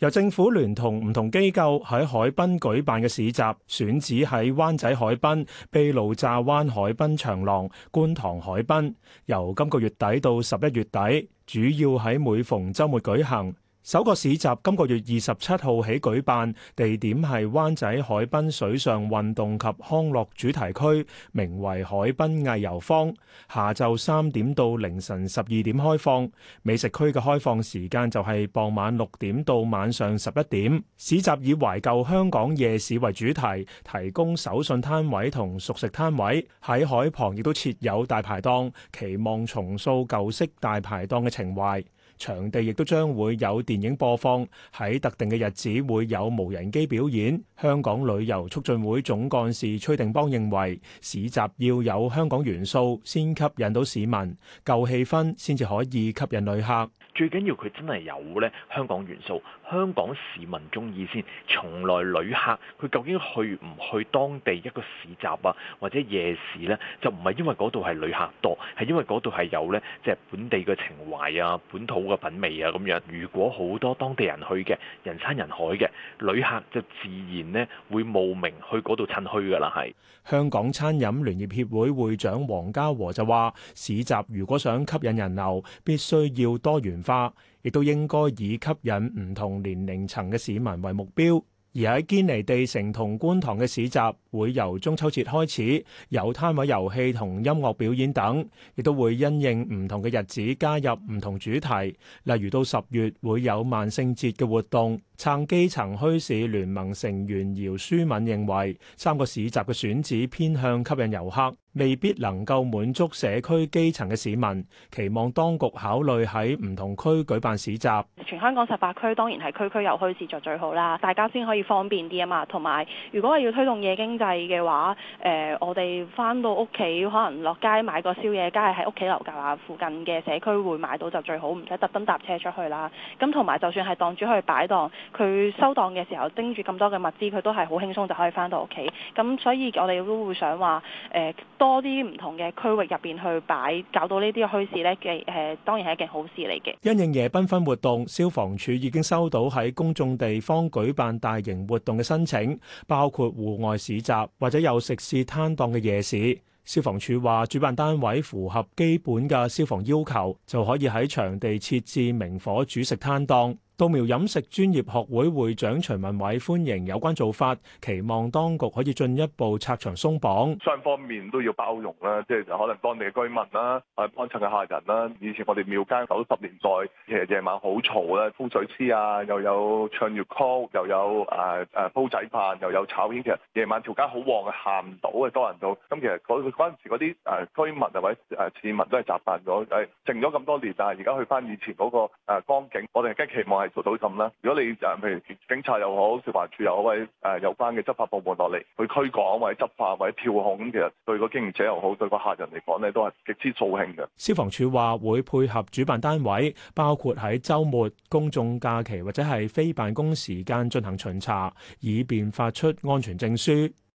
由政府聯同唔同機構喺海濱舉辦嘅市集，選址喺灣仔海濱、卑路乍灣海濱長廊、觀塘海濱，由今個月底到十一月底，主要喺每逢週末舉行。首個市集今個月二十七號起舉辦，地點係灣仔海濱水上運動及康樂主題區，名為海濱藝遊坊。下晝三點到凌晨十二點開放，美食區嘅開放時間就係傍晚六點到晚上十一點。市集以懷舊香港夜市為主題，提供手信攤位同熟食攤位。喺海旁亦都設有大排檔，期望重塑舊式大排檔嘅情懷。場地亦都將會有電影播放，喺特定嘅日子會有無人機表演。香港旅遊促進會總幹事崔定邦認為，市集要有香港元素先吸引到市民，夠氣氛先至可以吸引旅客。最緊要佢真係有咧香港元素。香港市民中意先，從來旅客佢究竟去唔去當地一個市集啊，或者夜市咧，就唔係因為嗰度係旅客多，係因為嗰度係有咧，即係本地嘅情懷啊，本土嘅品味啊咁樣，如果好多當地人去嘅，人山人海嘅，旅客就自然咧會慕名去嗰度趁墟噶啦。係香港餐飲聯業協會會長黃家和就話市集如果想吸引人流，必須要多元化。亦都應該以吸引唔同年齡層嘅市民為目標。而喺堅尼地城同觀塘嘅市集，會由中秋節開始有攤位、遊戲同音樂表演等，亦都會因應唔同嘅日子加入唔同主題。例如到十月會有萬聖節嘅活動。撐基層墟市聯盟成員姚舒敏認為，三個市集嘅選址偏向吸引遊客，未必能夠滿足社區基層嘅市民，期望當局考慮喺唔同區舉辦市集。全香港十八區當然係區區有墟市就最好啦，大家先可以。方便啲啊嘛，同埋如果係要推動夜經濟嘅話，誒，我哋翻到屋企可能落街買個宵夜，梗係喺屋企樓下附近嘅社區會買到就最好，唔使特登搭車出去啦。咁同埋就算係檔主去擺檔，佢收檔嘅時候拎住咁多嘅物資佢都係好輕鬆就可以翻到屋企。咁所以我哋都會想話誒多啲唔同嘅區域入邊去擺搞到呢啲嘅墟市咧，嘅誒當然係一件好事嚟嘅。因應夜繽紛活動消防處已經收到喺公眾地方舉辦大型活動嘅申請，包括戶外市集或者有食肆攤檔嘅夜市。消防處話，主辦單位符合基本嘅消防要求，就可以喺場地設置明火煮食攤檔。稻苗飲食專業學會會長徐文偉歡迎有關做法，期望當局可以進一步拆牆鬆綁，雙方面都要包容啦，即係可能當地嘅居民啦，我幫襯嘅客人啦。以前我哋廟街九十年代其實夜晚好嘈啦，風水師啊，又有唱粵曲，又有誒誒煲仔飯，又有炒煙，其實夜晚條街好旺嘅，行唔到嘅，多人到。咁其實嗰嗰陣時嗰啲誒居民或者誒市民都係習慣咗誒靜咗咁多年，但係而家去翻以前嗰個光景，我哋更期望係。到咁咧，如果你誒譬如警察又好，消防處又好，或誒有關嘅執法部門落嚟去驅趕或者執法或者調控，其實對個經營者又好，對個客人嚟講呢都係極之掃興嘅。消防處話會配合主辦單位，包括喺週末、公眾假期或者係非辦公時間進行巡查，以便發出安全證書。